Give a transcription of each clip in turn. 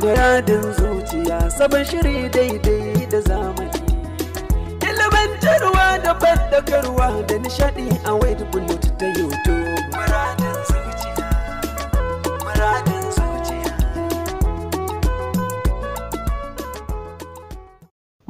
Muradin zuciya sabon shiri daidai da zamani. Ilimantarwa da bandagarwa da nishadi a wade bullet ta YouTube.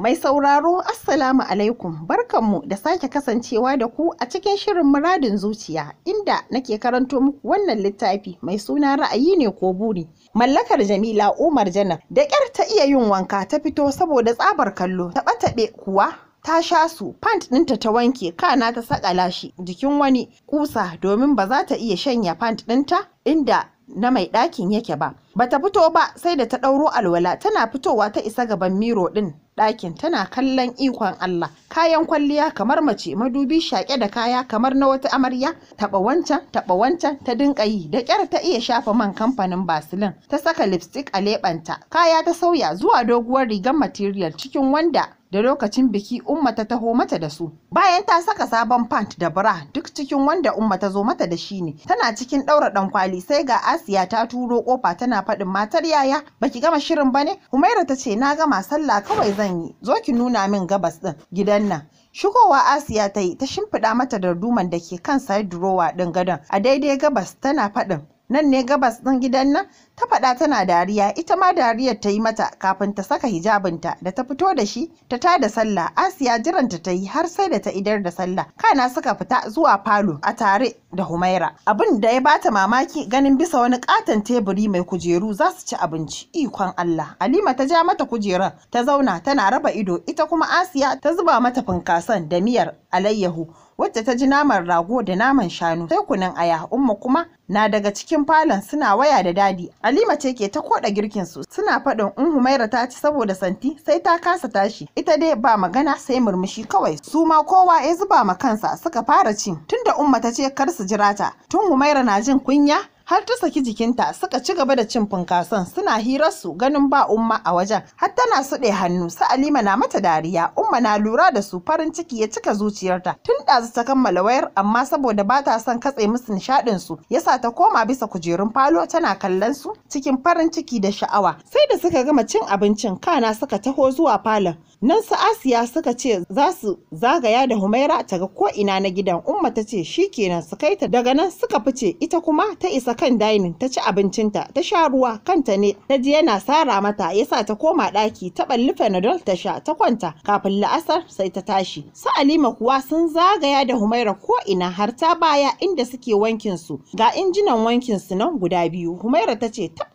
Mai sauraro Assalamu alaikum barkanmu da sake kasancewa da ku a cikin shirin muradin zuciya inda nake karanto muku wannan littafi mai suna ra'ayi ne ko buri. Mallakar Jamila Umar Janar da ƙyar ta iya yin wanka ta fito saboda tsabar kallo taɓe-taɓe kuwa ta sha su pant ɗinta ta wanke kana ta sakala shi jikin wani kusa domin ba za ta iya shanya pant ɗinta inda na mai ɗakin yake ba. bata fito ba sai da ta ɗauro alwala tana fitowa ta isa gaban miro ɗin ɗakin tana kallon ikon Allah kayan kwalliya kamar mace madubi shaƙe da kaya kamar na wata amarya taɓa wancan taɓa wancan ta dinka yi da ƙyar ta iya shafa man kamfanin basilin ta saka lipstick a leɓanta kaya ta sauya zuwa doguwar rigar material cikin wanda da lokacin biki umma ta taho mata da su bayan ta saka sabon pant da bra duk cikin wanda umma ta zo mata da shi ne tana cikin ɗaura ɗankwali sai ga asiya ta turo ƙofa tana faɗin matar yaya baki gama shirin ba ne humaira ta ce na gama sallah kawai zan yi zo ki nuna min gabas ɗin gidan nan shigowa asiya ta yi ta shimfiɗa mata darduman da ke kan side durowa ɗin gadon a daidai gabas tana faɗin nan ne gabas ɗin gidan nan ta faɗa tana dariya ita ma dariyar ta yi mata kafin ta saka hijabinta da ta fito da shi ta ta da sallah asiya jiranta ta yi har sai da ta idar da sallah kana suka fita zuwa falo a tare da humaira abin da ya bata mamaki ganin bisa wani katon teburi mai kujeru za su ci abinci ikon allah Alima ta ja mata kujerar ta zauna tana raba ido ita kuma asiya ta zuba mata finkasan da miyar alayyahu wacce ta ji naman rago da naman shanu sai kunun aya umma kuma na daga cikin falon suna waya da dadi alima ce ke ta koda girkin su suna faɗin in humaira ta ci saboda santi sai ta kasa tashi ita dai ba magana sai murmushi kawai su ma kowa ya zuba ma kansa suka fara cin tunda umma ta ce kar su jira ta tun humaira na jin kunya har ta saki jikinta suka ci gaba da cin funkason suna hirar su ganin ba umma a wajen har tana suɗe hannu su Alima na mata dariya umma na lura da su farin ciki ya cika zuciyarta tun ɗazu ta kammala wayar amma saboda ba ta son katse musu nishaɗin su yasa ta koma bisa kujerun falo tana kallon su cikin farin ciki da sha'awa sai da suka gama cin abincin kana suka taho zuwa falon nan su Asiya suka ce za su zagaya da Humaira ta ga ko ina na gidan umma ta ce shikenan su kaita daga nan suka fice ita kuma ta isa kan dining ta ci abincinta ta sha ruwa kanta ne ta ji yana sara mata yasa ta koma ɗaki ta balli fenadol ta sha ta kwanta kafin la'asar sai ta tashi su Alima kuwa sun zagaya da Humaira ko ina har ta baya inda suke wankin su ga injinan wankin su nan guda biyu Humaira ta ce tab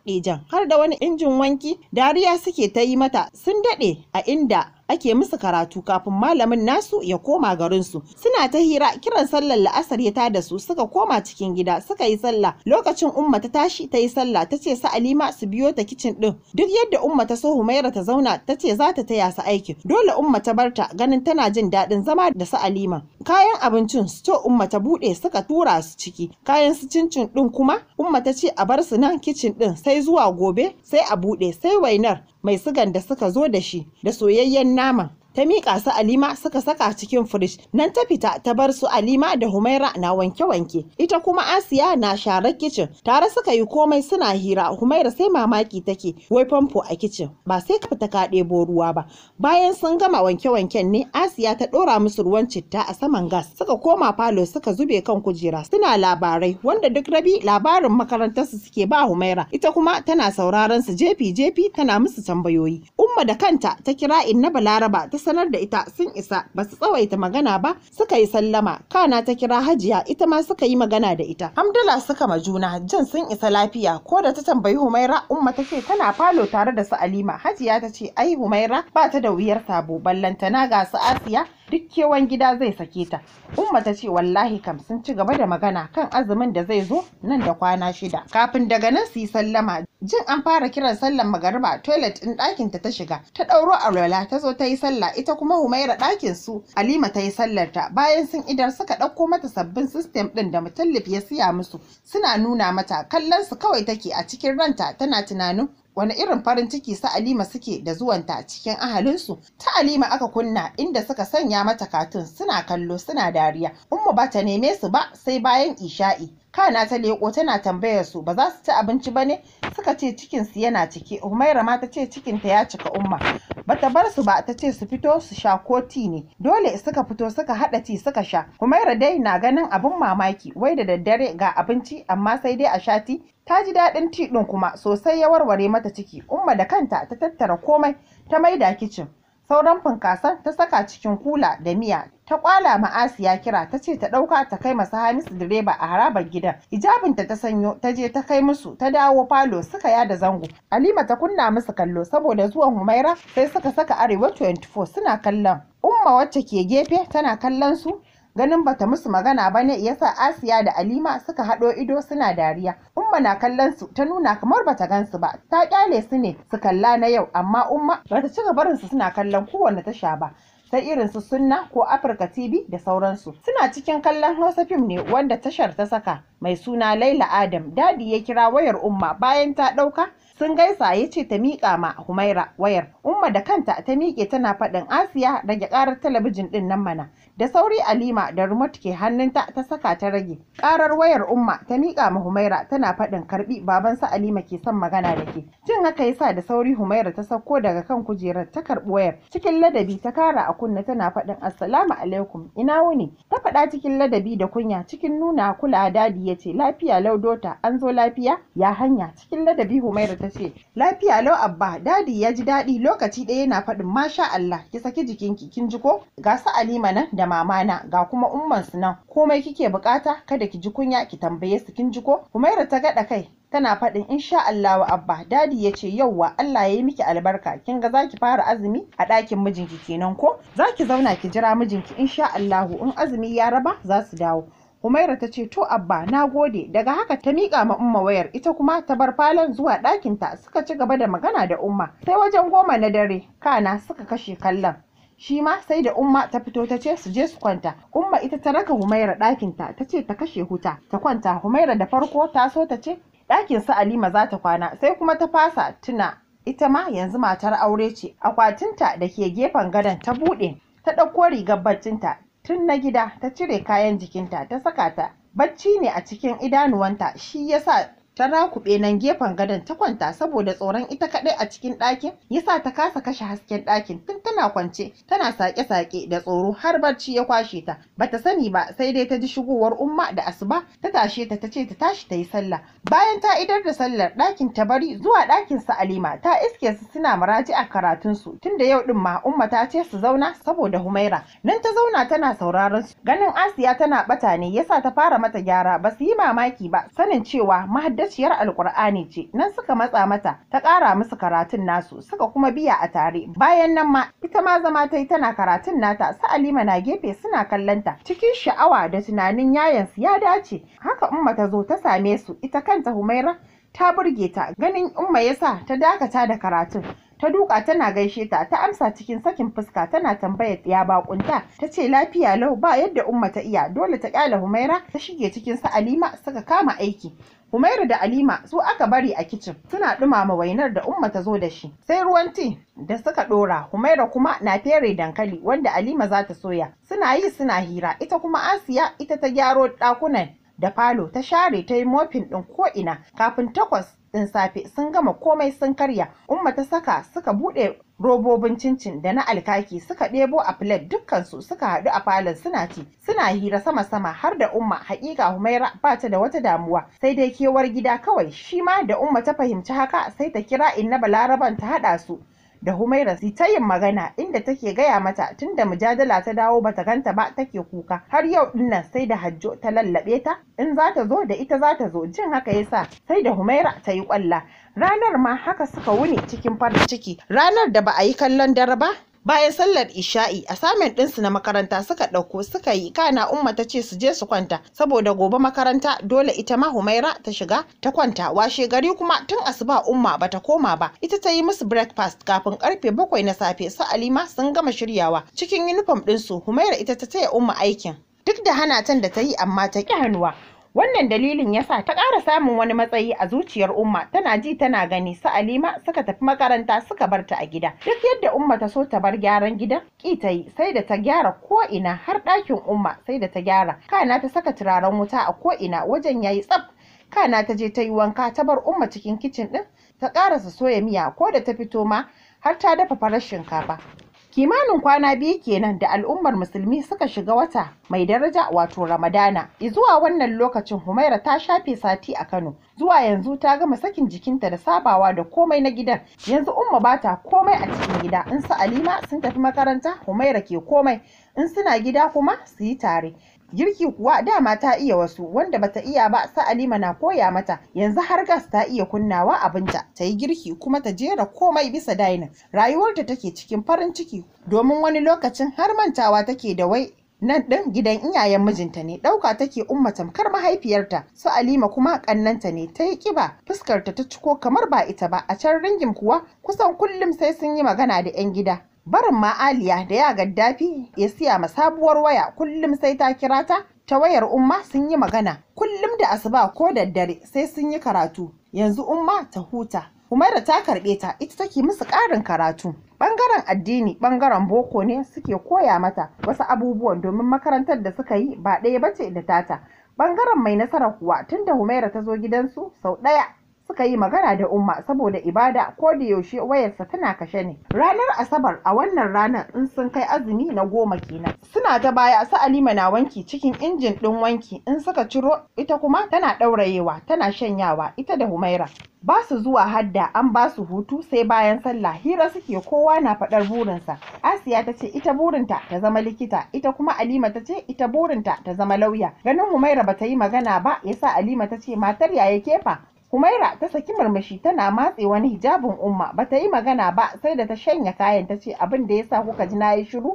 har da wani injin wanki dariya suke ta yi mata sun daɗe a inda ake musu karatu kafin malamin nasu ya koma garinsu suna ta hira kiran sallar la'asar ya tada su suka koma cikin gida suka yi sallah lokacin umma ta tashi ta yi sallah ta ce su alima su biyo ta kicin din duk yadda umma ta so humaira ta zauna ta ce za ta taya su aiki dole umma ta barta ganin tana jin daɗin zama da su alima kayan abincin to umma ta buɗe suka tura su ciki kayan su cincin din kuma umma ta ce a bar su nan kicin din sai zuwa gobe sai a buɗe sai wainar mai sigan da suka zo da shi da soyayyen nama ta miƙa su Alima suka saka cikin firij nan ta fita ta bar su Alima da Humaira na wanke-wanke ita kuma Asiya na sharar kicin tare suka yi komai suna hira Humaira sai mamaki take wai famfo a kicin ba sai ka fita ka ɗebo ruwa ba bayan sun gama wanke-wanken ne Asiya ta ɗora musu ruwan citta a saman gas suka koma falo suka zube kan kujera suna labarai wanda duk rabi labarin makarantarsu suke ba Humaira ita kuma tana sauraron su jefi-jefi tana musu tambayoyi Umma da kanta ta kira Inna Balaraba ta sanar da ita sun isa ba su tsawaita magana ba suka yi sallama kana ta kira hajiya ita ma suka yi magana da ita hamdala suka ma juna jin sun isa lafiya ko da ta tambayi humaira umma ta ce tana falo tare da su alima hajiya ta ce ai humaira ba ta da wuyar sabo ballantana ga su asiya duk kewan gida zai sake ta umma ta ce wallahi kam sun ci gaba da magana kan azumin da zai zo nan da kwana shida kafin daga nan su yi sallama jin an fara kiran sallan magariba toilet ɗin ɗakin ta ta shiga ta ɗauro alwala ta zo ta yi sallah ita kuma humaira ɗakin su alima ta yi sallar ta bayan sun idar suka ɗauko mata sabbin sistem ɗin da mutallif ya siya musu suna nuna mata kallon su kawai take a cikin ranta tana tunanin wani irin farin ciki sa Alima suke da zuwanta a cikin ahalinsu ta Alima aka kunna inda suka sanya mata katun suna kallo suna dariya umma ba ta neme su ba sai bayan isha'i kana ta leƙo tana tambayar su ba za su ci abinci ba ne suka ce cikin su yana ciki umaira ma ta ce cikin ta ya cika umma bata bar su ba ta ce su fito su sha koti ne dole suka fito suka haɗa ti suka sha umaira dai na ganin abin mamaki wai da daddare ga abinci amma sai dai a shati. ta ji daɗin ti kuma sosai ya warware mata ciki umma da kanta ta tattara komai ta maida kicin sauran funkasan ta saka cikin kula da miya ta kwala ma Asiya kira ta ce ta ɗauka ta kai masa Hamisu direba a harabar gidan. hijabinta ta sanyo ta je ta kai musu ta dawo falo suka yada zango. alima ta kunna musu kallo saboda zuwan Humaira sai suka saka Arewa 24 suna kallon. Umma wacce ke gefe tana kallon su Ganin bata musu magana ba ne yasa Asiya da Alima suka haɗo ido suna dariya. Umma na kallon su ta nuna kamar bata gansu ba. Ta kyale su ne su kalla na yau amma Umma bata ci barin su suna kallon kowanne tasha ba. ta irin su Sunna ko Afirka TV da sauransu. Suna cikin kallon Hausa fim ne wanda tashar ta saka mai suna Laila Adam dadi ya kira wayar Umma bayan ta ɗauka sun gaisa ya ce ta miƙa ma Humaira wayar. Umma da kanta ta miƙe tana faɗin Asiya rage ƙarar talabijin ɗin nan mana. Da sauri Alima da remote ke hannunta ta saka ta rage. Ƙarar wayar Umma ta miƙa ma Humaira tana faɗin karɓi babansa Alima ke son magana da ke. Jin haka yasa da sauri Humaira ta sauko daga kan kujerar ta karɓi wayar. Cikin ladabi ta kara a kunna tana faɗin assalamu alaikum ina wuni ta faɗa cikin ladabi da kunya cikin nuna kula dadi ya ce lafiya lau dota an zo lafiya ya hanya cikin ladabi humaira ta ce lafiya lau abba dadi ya ji daɗi lokaci ɗaya yana faɗin masha Allah ki saki jikinki kin ji ko ga su Alima nan da na ga kuma umman su nan komai kike bukata kada ki ji kunya ki tambaye su kin ji ko Humaira ta gaɗa kai tana faɗin insha Allahu abba dadi ya ce yauwa Allah ya yi miki albarka kin ga zaki fara azumi a ɗakin mijinki kenan ko zaki zauna ki jira mijinki insha Allahu in azumi ya raba za su dawo Humaira ta ce to abba na gode daga haka ta miƙa ma umma wayar ita kuma ta bar falon zuwa ɗakinta suka ci gaba da magana da umma sai wajen goma na dare kana suka kashe kallon shi ma sai da umma ta fito ta ce su je su kwanta umma ita ta raka humaira ɗakinta ta ce ta kashe huta ta kwanta humaira da farko ta so ta ce ɗakin su Alima za ta kwana sai kuma ta fasa tuna ita ma yanzu matar aure ce akwatinta da ke gefen gadon ta buɗe ta ɗauko rigar baccinta tun na gida ta cire kayan jikinta ta saka ta bacci ne a cikin idanuwanta shi yasa ta rakuɓe nan gefen gadon ta kwanta saboda tsoron ita kaɗai a cikin ɗakin yasa ta kasa kashe hasken ɗakin tun tana kwance tana sake-sake da tsoro har barci ya kwashe ta bata sani ba sai dai ta ji shigowar umma da asuba ta tashe ta ta ce ta tashi ta yi sallah bayan ta idar da sallar ɗakin ta bari zuwa ɗakin sa Alima ta iske su suna muraji a karatun su tunda yau din ma umma ta ce su zauna saboda Humaira nan ta zauna tana sauraron su ganin Asiya tana bata ne yasa ta fara mata gyara ba su yi mamaki ba sanin cewa mahaddasa mahaddaciyar alkur'ani ce nan suka matsa mata ta ƙara musu karatun nasu suka kuma biya a tare bayan nan ma ita ma zama ta yi tana karatun nata su Halima na gefe suna kallonta cikin sha'awa da tunanin yayansu ya dace haka umma ta zo ta same su ita kanta Humaira ta burge ta ganin umma ya sa ta dakata da karatun ta duka tana gaishe ta ta amsa cikin sakin fuska tana tambayar ya bakunta ta ce lafiya lau ba yadda umma ta iya dole ta kyale humaira ta shige cikin sa alima suka kama aiki humaira da Alima su aka bari a kicin suna dumama wainar da Umma ta zo da shi. Sai ruwan ti da suka dora Humaira kuma na fere dankali wanda Alima za ta soya. Suna yi suna hira ita kuma Asiya ita ta gyaro dakunan da falo ta share ta yi mofin ɗin ko'ina kafin takwas ɗin safe sun gama komai sun karya umma ta saka suka buɗe robobin cincin da na alkaki suka ɗebo a filet dukkansu suka haɗu a falon suna ci suna hira sama sama har da umma haƙiƙa humaira ba ta da wata damuwa sai dai kewar gida kawai shi ma da umma ta fahimci haka sai ta kira inna balaraban ta haɗa su da Humaira su ta yin magana inda take gaya mata tunda mujadala ta dawo bata ganta ba take kuka har yau dinnan sai da Hajjo ta lallabe ta in za ta zo da ita za ta zo jin haka yasa sai da Humaira ta yi kwalla ranar ma haka suka wuni cikin farin ciki ranar da ba a yi kallon dare ba bayan sallar isha'i assignment ɗinsu na makaranta suka ɗauko suka yi kana umma ta ce su je su kwanta saboda gobe makaranta dole ita ma humaira ta shiga ta kwanta washe gari kuma tun asuba umma ba ta koma ba ita ta yi musu breakfast kafin karfe bakwai na safe su alima sun gama shiryawa cikin uniform ɗinsu humaira ita ta taya umma aikin duk da hanatan da ta yi amma ta ƙi hannuwa wannan dalilin ya sa ta ƙara samun wani matsayi a zuciyar umma tana ji tana gani su alima suka tafi makaranta suka bar ta a gida duk yadda umma ta so ta bar gyaran gidan ƙi ta yi sai da ta gyara ko'ina har ɗakin umma sai da ta gyara kana ta saka turaren wuta a ko'ina ina wajen yayi tsaf kana ta je ta yi wanka ta bar umma cikin kicin ɗin, ta ƙara ƙarasa soya miya ko da ta fito ma har ta dafa farar shinkafa kimanin kwana biyu kenan da al'ummar musulmi suka shiga wata mai daraja wato ramadana zuwa wannan lokacin humaira ta shafe sati a kano zuwa yanzu ta gama sakin jikinta da sabawa da komai na gidan yanzu umma bata komai a cikin gida in su alima sun tafi makaranta humaira ke komai in suna gida kuma su yi tare Girki kuwa dama ta iya wasu, wanda bata iya ba su Alima na koya mata. Yanzu har gas ta iya kunnawa abinta, ta yi girki kuma ta jera komai bisa dainin. Rayuwarta take cikin farin ciki domin wani lokacin har mantawa take da wai nan ɗin gidan iyayen mijinta ne ɗauka take umma tamkar mahaifiyarta su alima kuma ƙannanta ne ta yi ƙiba fuskarta ta ciko kamar ba ita ba a can ringin kuwa kusan kullum sai sun yi magana da 'yan gida Barin ma Aliya da ya gaddafi ya siya ma sabuwar waya kullum sai ta kira ta ta wayar umma sun yi magana kullum da asuba ko daddare sai sun yi karatu yanzu umma ta huta Humaira ta karɓe ta ita take musu ƙarin karatu. Bangaren addini bangaren boko ne suke koya mata wasu abubuwan domin makarantar da suka yi ba ɗaya bace da tata. Bangaren mai nasara kuwa tunda Humaira ta zo gidansu sau ɗaya suka yi magana da umma saboda ibada ko da yaushe wayarsa tana kashe ne ranar asabar a wannan ranar in sun kai azumi na goma kenan suna ta baya su alima na wanki cikin injin ɗin wanki in suka ciro ita kuma tana ɗaurayewa tana shanyawa ita da humaira ba su zuwa hadda an ba su hutu sai bayan sallah hira suke kowa na faɗar burinsa asiya ta ce ita burinta ta zama likita ita kuma alima ta ce ita burinta ta zama lauya ganin humaira ba ta yi magana ba yasa alima ta ce matar yaya kefa Humaira ta saki murmushi tana matse wani hijabin umma bata yi magana ba sai da ta shanya kayan ta ce abin da yasa kuka ji na yi shiru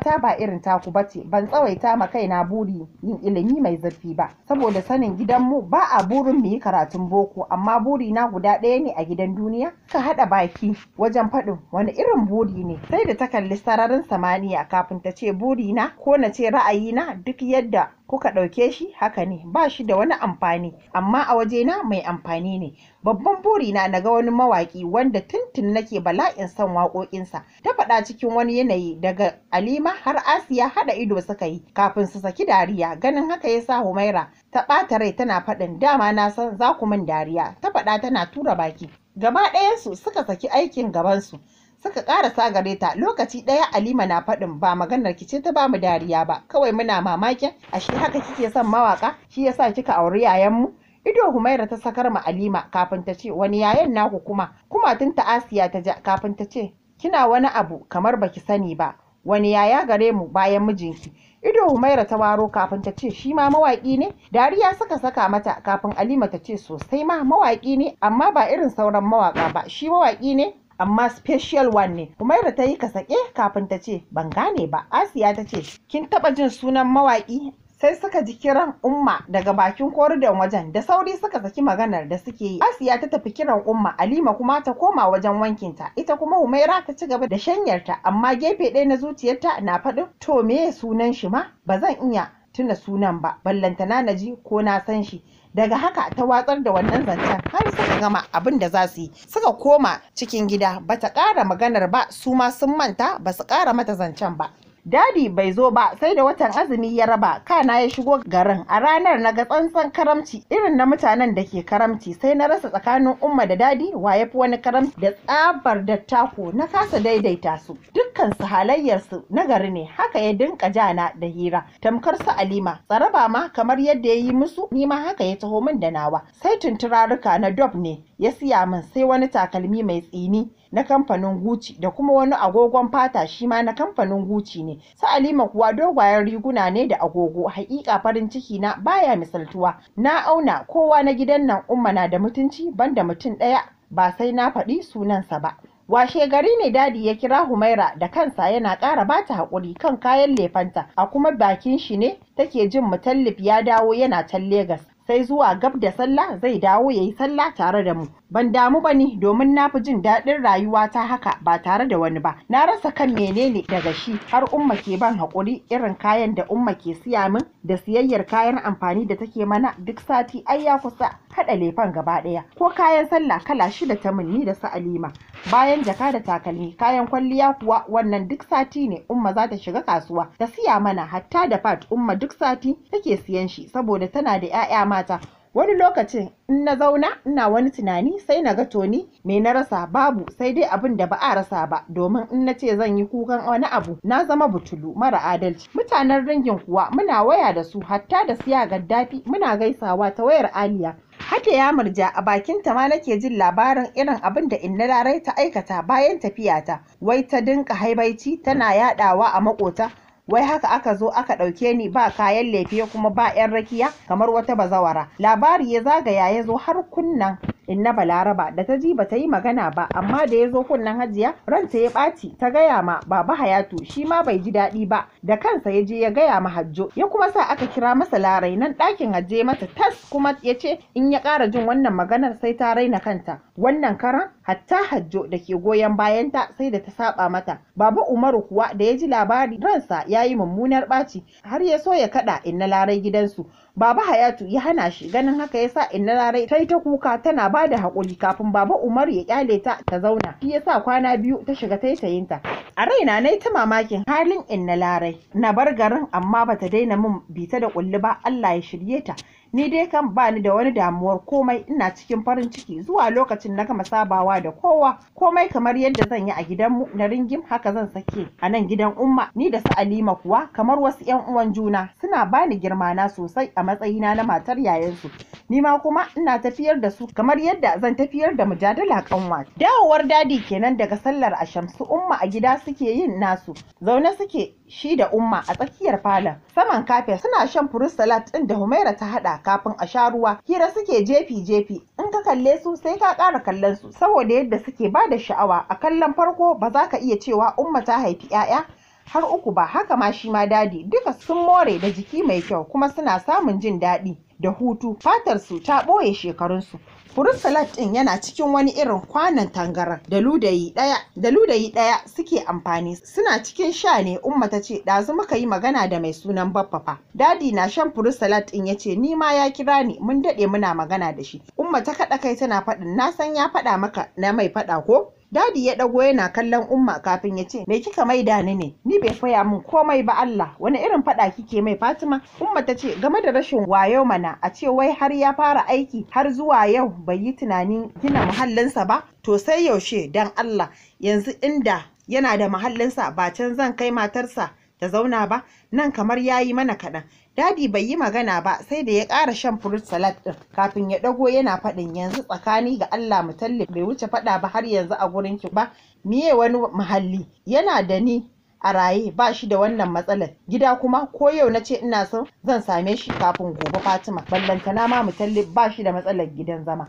ta ba irin taku bace ban tsawaita ma kaina buri yin ilimi mai zurfi ba saboda sanin gidanmu ba a burin mu yi karatun boko amma buri na guda ɗaya ne a gidan duniya ka haɗa baki wajen faɗin wani irin buri ne sai da ta kalli sararin samaniya kafin ta ce buri na ko na ce ra'ayi na duk yadda kuka ɗauke shi haka ne ba shi da wani amfani amma a waje na, mai amfani ne babban buri na ga wani mawaƙi wanda tuntun nake bala'in son waƙoƙinsa ta faɗa cikin wani yanayi daga alima har asiya haɗa ido suka yi kafin su saki dariya ganin haka ya sa humaira ta ɓata rai tana faɗin dama na san za ku min dariya ta faɗa tana tura baki gaba ɗayansu suka saki aikin gabansu suka ƙarasa gare ta lokaci ɗaya Alima na faɗin ba maganar ki ce ta bamu dariya ba kawai muna mamakin ashe haka kike son mawaka shi yasa kika auri yayan mu ido Humaira ta sakar ma Alima kafin ta ce wani yayan naku kuma kuma tun ta Asiya ta ja kafin ta ce kina wani abu kamar baki sani ba wani yaya gare mu bayan mijinki ido Humaira ta waro kafin ta ce shi ma mawaƙi ne dariya suka saka mata kafin Alima ta ce sosai ma Mawaki ne amma ba irin sauran mawaƙa ba shi mawaki ne amma special one ne umaira ta yi ka kasake kafin ta ce ban gane ba asiya ta ce kin taba jin sunan mawaki sai suka ji kiran umma daga bakin koridon wajen da sauri suka saki maganar da suke yi asiya ta tafi kiran umma alima kuma ta koma wajen wankinta ita kuma humaira ta ci gaba da shanyarta amma gefe ɗaya na zuciyarta na faɗin to me sunan shi ma ba zan iya tuna sunan ba ballantana na ji ko na san shi daga haka ta watsar da wannan zancen har suka gama abin da za su yi suka koma cikin gida bata ƙara maganar ba su ma sun manta ba su ƙara mata zancen ba Dadi bai zo ba sai da watan azumi ya raba kana ya shigo garin a ranar na ga tsantsan karamci irin na mutanen da ke karamci sai na rasa tsakanin umma da dadi wa ya fi wani karamci da tsabar dattako na kasa daidaita su dukkan su halayyarsu na gari ne haka ya dinka jana da hira tamkar su alima tsaraba ma kamar yadda ya yi musu ni ma haka ya taho min da nawa sai tunturaruka na dob ne ya siya min sai wani takalmi mai tsini na kamfanin Gucci da kuma wani agogon fata shi ma na kamfanin Gucci ne. Su Halima kuwa dogayen riguna ne da agogo. Haƙiƙa farin ciki na baya misaltuwa. Na auna kowa na gidan nan umma na da mutunci banda mutum ɗaya ba sai na faɗi sunansa ba. washe gari ne dadi ya kira humaira da kansa yana ƙara bata haƙuri kan kayan lefanta a kuma bakin shi ne take jin mutallif ya dawo yana can legas sai zuwa gab da sallah zai dawo ya yi sallah tare da mu Ban damu ba ni domin na fi jin daɗin rayuwa ta haka ba tare da wani ba. Na rasa kan menene daga shi har umma ke ban haƙuri irin kayan da umma ke siya min da siyayyar kayan amfani da take mana duk sati ai ya kusa haɗa lefan gaba ɗaya. Ko kayan sallah kala shida ta mun ni da su Alima. Bayan jaka da takalmi kayan kwalliya kuwa wannan duk sati ne umma za ta shiga kasuwa ta siya mana hatta da fat umma duk sati take siyan shi saboda tana da 'ya'ya mata wani lokacin in na zauna ina wani tunani sai na ga toni me na rasa babu sai dai abin da ba a rasa ba domin in na ce zan yi kukan wani abu na zama butulu mara adalci mutanen ringin kuwa muna waya da su hatta da siya gaddafi muna gaisawa ta wayar aliya Hake ya murja a bakin ta ma nake jin labarin irin abin da inna larai ta aikata bayan tafiyata wai ta dinka haibaici tana yadawa a makota wai haka aka zo aka ɗauke ni ba kayan lefe kuma ba 'yan rakiya kamar wata bazawara labari ya zagaya ya zo har kunnan inna balaraba da ta ji ba ta yi magana ba amma da ya zo kunnan hajiya ranta ya ɓaci ta gaya ma baba hayatu shi ma bai ji daɗi ba da kansa ya je ya gaya ma hajjo ya kuma sa aka kira masa larai nan ɗakin hajje mata tas kuma ya ce in ya ƙara jin wannan maganar sai ta raina kanta wannan karan hatta hajjo da ke goyon bayanta sai da ta saba mata baba umaru kuwa da ya ji labari ransa ya yi mummunar ɓaci har ya so ya kaɗa inna larai gidansu baba hayatu ya hana shi ganin haka ya sa inna larai ta yi ta kuka tana ba da haƙuri kafin baba umaru ya ƙyale ta ta zauna shi ya sa kwana biyu ta shiga taitayinta a raina na yi ta mamakin halin inna larai na bar garin amma bata daina min bita da ƙulli ba allah ya shirye ta ni dai kan bani da wani damuwar komai ina cikin farin ciki zuwa lokacin na gama sabawa da kowa komai kamar yadda zan yi a gidanmu na ringim haka zan sake a nan gidan umma ni da su alima kuwa kamar wasu yan uwan juna suna bani girma na sosai a matsayina na matar yayansu ni ma kuma ina tafiyar da su kamar yadda zan tafiyar da mujadala kanwa dawowar dadi kenan daga sallar a shamsu umma a gida suke yin nasu zaune suke shi da umma a tsakiyar falon saman kafe suna shan furut salat din da humaira ta hada kafin a sha ruwa hira suke jefi jefi in ka kalle su sai ka ƙara kallon su saboda yadda suke ba da sha'awa a kallon farko ba za ka iya cewa umma ta haifi 'ya'ya har uku ba haka ma shi ma dadi duka sun more da jiki mai kyau kuma suna samun jin daɗi da hutu fatar su ta ɓoye shekarunsu Furut ɗin yana cikin wani irin kwanon tangaran da ludayi ɗaya da ludayi ɗaya suke amfani suna cikin sha ne umma ta ce ɗazu muka yi magana da mai sunan baffafa dadi na shan furut ɗin ya ce ni ma ya kira ni mun daɗe muna magana da shi umma ta kaɗa kai tana faɗin na san ya faɗa maka na mai faɗa ko Dadi ya ɗago yana kallon Umma kafin ya ce, "Me kika mai da ni ne? Ni bai faya min komai ba Allah. Wani irin faɗa kike mai Fatima?" Umma ta ce, "Game da rashin wayo mana, a ce wai har ya fara aiki har zuwa yau bai yi tunanin gina muhallinsa ba? To sai yaushe dan Allah yanzu inda yana da muhallinsa ba can zan kai matarsa ta zauna ba nan kamar yayi mana kaɗan Dadi bai yi magana ba sai da ya ƙara shan fruit salad ɗin kafin ya ɗago yana faɗin yanzu tsakani ga Allah mutallif bai wuce faɗa ba har yanzu a gurin ki ba miye wani muhalli yana da ni a raye ba shi da wannan matsalar gida kuma ko yau na ce ina so zan same shi kafin gobe Fatima ballantana ma mutallif ba shi da matsalar gidan zama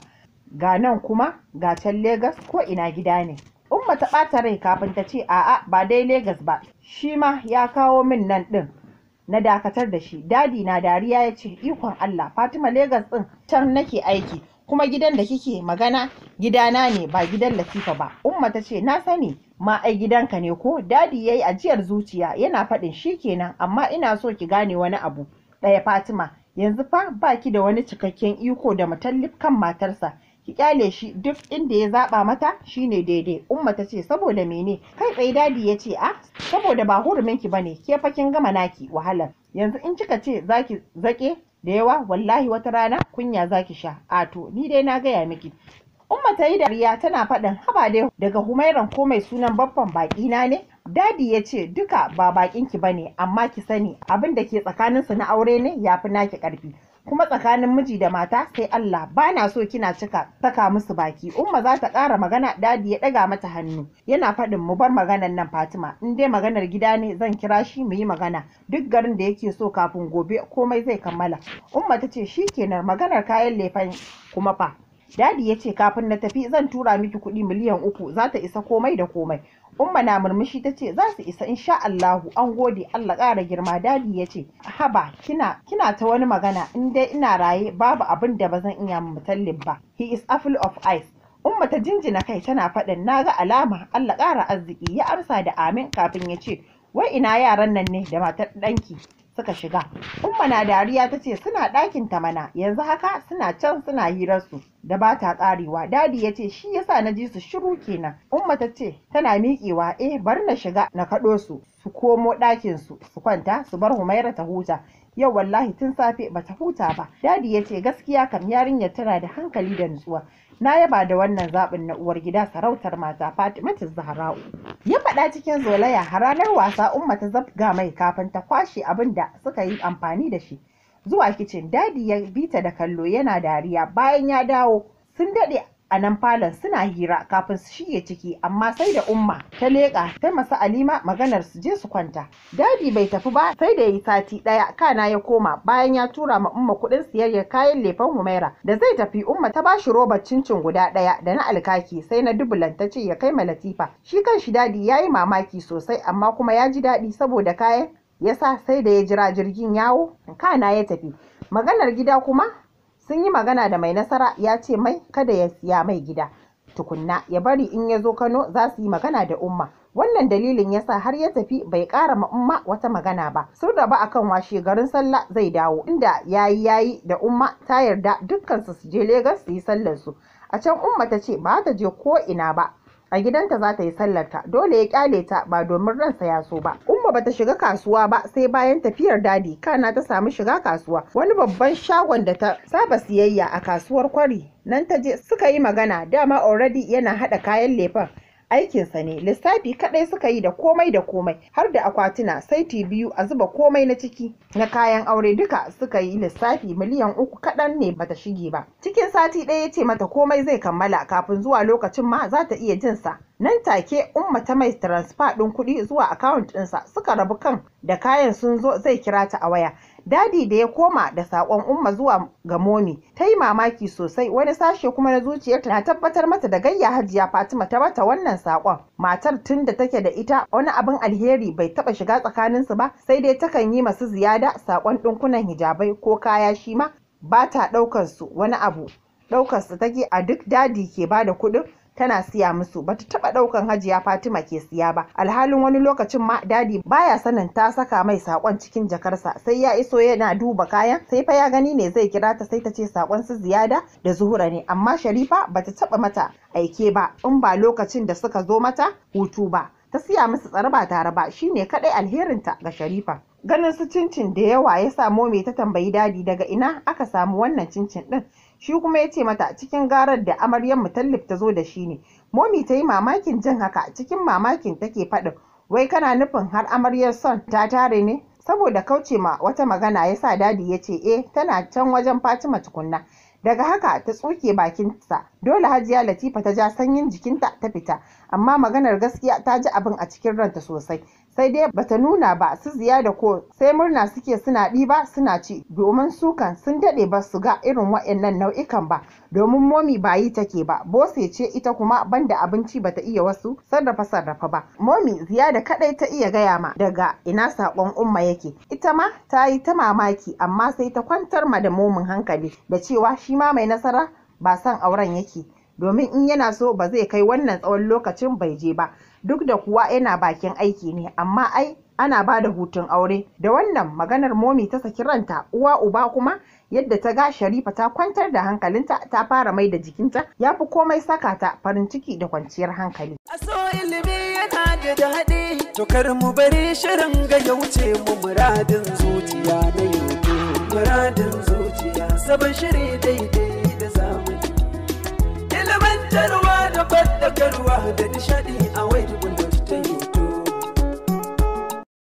ga nan kuma ga can Legas ko ina gida ne Umma ta ɓata rai kafin ta ce a'a ba dai Legas ba shi ma ya kawo min nan ɗin na dakatar da shi dadi na dariya ya ce ikon Allah Fatima Legas din can nake aiki kuma gidan da kike magana gidana ne ba gidan Latifa ba umma ta ce na sani ma ai gidanka ne ko dadi yayi ajiyar zuciya yana faɗin shi kenan amma ina so ki gane wani abu ɗaya Fatima yanzu fa baki da wani cikakken iko da mutallif kan matarsa ki kyale shi duk inda ya zaba mata shine daidai umma ta ce saboda mene kai tsaye dadi ya ce a ah, saboda ba hurumin ki bane ke fa kin gama naki wahala. yanzu in kika ce zaki zake da yawa wallahi wata rana kunya zaki sha a to ni dai na gaya miki umma ta yi dariya tana faɗin haba dai daga humairan ko mai sunan babban baƙi na ne dadi ya ce duka ba baƙinki bane amma ki sani abin da ke tsakaninsu na aure ne ya fi naki ƙarfi kuma tsakanin miji da mata sai Allah ba na so kina cika saka musu baki umma za ta ƙara magana dadi ya ɗaga mata hannu yana faɗin mu bar maganar nan Fatima in dai maganar gida ne zan kira shi mu yi magana duk garin da yake so kafin gobe komai zai kammala umma ta ce shikenan maganar kayan lefen kuma fa Dadi ya ce kafin na tafi zan tura miki kuɗi miliyan uku za ta isa komai da komai. Umma na murmushi ta ce za su isa insha Allahu an gode Allah ƙara girma dadi ya ce haba kina kina ta wani magana in dai ina raye babu abin da ba zan iya mutallin ba he is a full of ice. Umma ta jinjina kai tana faɗin na ga alama Allah ƙara arziki ya amsa da amin kafin ya ce wai ina yaran nan ne da matar ɗanki suka shiga. Umma na dariya ta ce suna ɗakin ta mana yanzu haka suna can suna hirarsu da ba ta ƙarewa. Dadi ya ce shi yasa na ji su shiru kenan. Umma ta ce tana miƙewa eh bar na shiga na kaɗo su su komo ɗakin su su kwanta su bar Humaira ta huta. Yau wallahi tun safe bata huta ba. Dadi ya ce gaskiya kam yarinyar tana da hankali da nutsuwa. na yaba da wannan zaɓin na uwar gida sarautar mata fatimatu zahra'u ya faɗa cikin zolaya ha ranar wasa umma ta zabga mai kafin ta kwashe abin da suka yi amfani da shi zuwa kicin dadi ya bita da kallo yana dariya bayan ya dawo sun daɗe a nan falon suna hira kafin su shige ciki amma sai da umma ta leƙa ta masa alima maganar su je su kwanta dadi bai tafi ba sai da ya yi sati ɗaya kana ya koma bayan ya tura ma umma kuɗin siyayyar kayan lefen humaira da zai tafi umma ta bashi robar cincin guda ɗaya da na alkaki sai na dubulan ta ce ya kai ma latifa shi kan shi dadi ya yi mamaki sosai amma kuma ya ji daɗi saboda kayan yasa sai da ya jira jirgin yawo kana ya tafi maganar gida kuma sun yi magana da mai nasara ya ce mai kada ya siya mai gida tukunna ya bari in ya zo kano za su yi magana da umma wannan dalilin ya sa har ya tafi bai ƙara ma umma wata magana ba sun raba kan washe garin sallah zai dawo inda ya yayi yayi da umma ta yarda dukkansu su je Legas su yi sallarsu. a can umma ta ce ba ta je ko ina ba a gidanta za ta yi sallarta dole ya kyale ta ba domin ransa ya so ba umma bata shiga kasuwa ba sai bayan tafiyar dadi kana ta samu shiga kasuwa wani babban shagon da ta saba siyayya a kasuwar kwari nan ta je suka yi magana dama already yana hada kayan lefen aikinsa ne lissafi kaɗai suka yi da komai da komai har da akwatuna saiti biyu a zuba komai na ciki na kayan aure duka suka yi lissafi miliyan uku kaɗan ne bata shige ba cikin sati ɗaya ya ce mata komai zai kammala kafin zuwa lokacin ma za ta iya jinsa nan take umma ta mai transfer ɗin kuɗi zuwa akawunt ɗinsa suka rabu kan da kayan sun zo zai kira ta a waya Dadi da ya koma da saƙon Umma zuwa ga Momi ta yi mamaki sosai wani sashe kuma na zuciyarta na tabbatar mata da gayya Hajiya Fatima ta bata wannan saƙon. Matar tun da take da ita wani abin alheri bai taɓa shiga tsakaninsu ba sai dai takan yi masu ziyada saƙon ɗinkunan hijabai ko kaya shi ma ba ta ɗaukar su wani abu. Ɗaukar su take a duk dadi ke bada kuɗin tana siya musu Ba ta taɓa ɗaukan hajiya Fatima ke siya ba alhalin wani lokacin ma dadi baya sanin ta saka mai sakon cikin jakarsa sai ya iso yana duba kayan sai fa ya gani ne zai kira ta sai ta ce sakon su ziyada da zuhura ne amma Sharifa ba ta taba mata aike ba in ba lokacin da suka zo mata hutu ba ta siya musu tsare ba tare ba shine kadai alherinta ga Sharifa ganin su cincin da yawa ya sa mai ta tambayi dadi daga ina aka samu wannan cincin din shi kuma ya ce mata cikin garar da amaryar mutallif ta zo da shi ne momi ta yi mamakin jin haka cikin mamakin take faɗin wai kana nufin har amaryar son ta tare ne saboda kauce ma wata magana ya sa dadi ya ce eh tana can wajen fatima tukunna daga haka ta tsuke bakinsa dole hajiya latifa ta ja sanyin jikinta ta fita amma maganar gaskiya ta ji abin a cikin ranta sosai sai dai bata nuna ba su ziya da ko sai murna suke suna ɗiba suna ci domin sukan sun daɗe ba su ga irin waɗannan nau'ikan ba domin momi ba yi take ba bose ce ita kuma banda abinci bata iya wasu sarrafa sarrafa ba momi ziya da kaɗai ta iya gaya ma daga ina saƙon umma yake ita ma ta yi ta mamaki amma sai ta kwantar ma da momin hankali da cewa shi ma mai nasara ba san auren yake domin in yana so ba zai kai wannan tsawon lokacin bai je ba duk da kuwa yana bakin aiki ne amma ai ana ba da hutun aure da wannan maganar momi ta saki ranta uwa uba kuma yadda ta ga sharifa ta kwantar da hankalinta ta fara mai da jikinta ya fi komai saka ta farin ciki da kwanciyar hankali aso ilimi yana da daɗi to kar mu bari shirin ga ya wuce mu muradin zuciya na yau muradin zuciya sabon shiri daidai da zamani ilimantarwa da fadakarwa da nishaɗi